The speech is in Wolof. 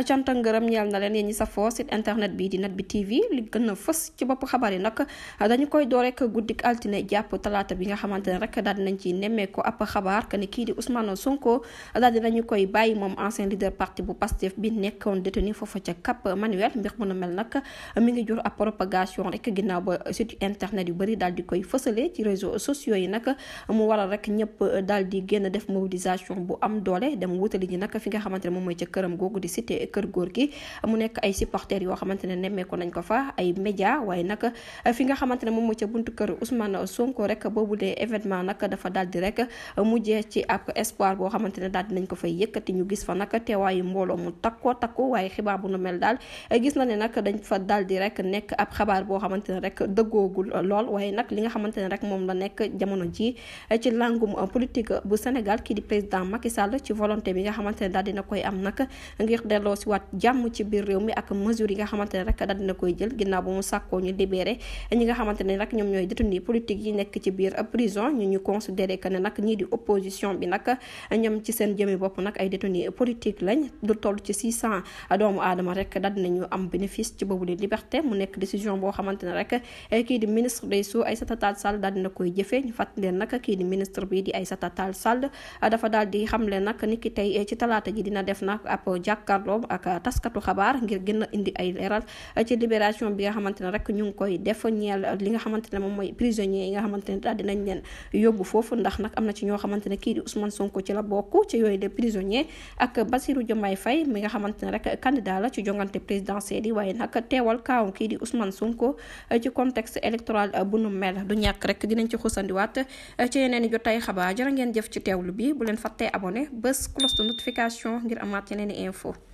cant ak ngërëm ñeel na leen yéen ñi safoo site internet bi di Bi TV a fës ci xabaar yi nag dañu koy door rek guddik altine jàpp talaata bi nga xamante ne rek daal dinañ ci nemmeeku ab xabaar que ne kii di Ousmane Sonko daal dinañu koy bàyyi moom ancien leader parti bu Pastef bi nekkoon détenu foofu ca Cap Manuel mbir mu nu mel nag mi ngi jur ab propagation rek ginnaaw ba site internet yu bëri daal di koy fësale ci réseaux sociaux yi nag mu waral rek ñëpp daal di génn def mobilisation bu am doole dem wutali ji nag fi nga xamante ne moom mooy ca këram googu di cité kër góor gi mu nekk ay supporters yoo xamante ne nemmeeku nañ ko fa ay média waaye nag fi nga xamante ne moom moo ca buntu kër Ousmane Sonko rek boobu de événement nag dafa daal di rek mujjee ci ab espoir boo xamante ne daal di nañ ko fay yëkkati ñu gis fa nag teewaayu mbooloo mu takko takko waaye xibaar bu nu mel daal gis na ne nag dañ fa daal di rek nekk ab xabaar boo xamante ne rek dëggoogul lool waaye nag li nga xamante ne rek moom la nekk jamono ji ci langum politique bu Sénégal kii di président Macky Sall ci volonté bi nga xamante ne daal dina koy am nag ngir delloo delloo si waat jàmm ci biir réew mi ak mesures yi nga xamante ne rek daal dina koy jël ginnaaw ba mu sàkkoo ñu libéré ñi nga xamante ne nag ñoom ñooy détenu politique yi nekk ci biir prison ñu ñu considéré que ne nag ñii di opposition bi nag ñoom ci seen jëmi bopp nag ay détenu politique lañ du toll ci a doomu aadama rek na dinañu am bénéfice ci boobu liberté mu nekk décision boo xamante ne rek kii di ministre des Sceaux Aïssata Tall Sall daal dina koy jëfee ñu fàttali leen nag kii di ministre bi di Aïssata Tall Sall dafa daal di ci talaata ji dina def nag ab jàkkaarloo Diop ak euh, taskatu xabaar ngir gën a indi ay leeral euh, ci libération bi nga xamante ne rek ñu koy def ñeel euh, li nga xamante ne moom mooy prisonniers yi nga xamante ne daal dinañ leen yóbbu foofu ndax nag am na ci ñoo xamante ne kii di Ousmane Sonko ci la bokk ci yooyu de prisonnier ak Bassirou mi nga xamante ne rek candidat la ci jongante présidentielle yi waaye nag teewal kaaw kii di Ousmane Sonko ci contexte électoral bu nu mel du ñàkk rek dinañ ci xusandiwaat ci yeneen i jotaay xabaar jërë ngeen jëf ci teewlu bi bu leen fàttee abonné bés cloche de notification ngir amaat yeneen info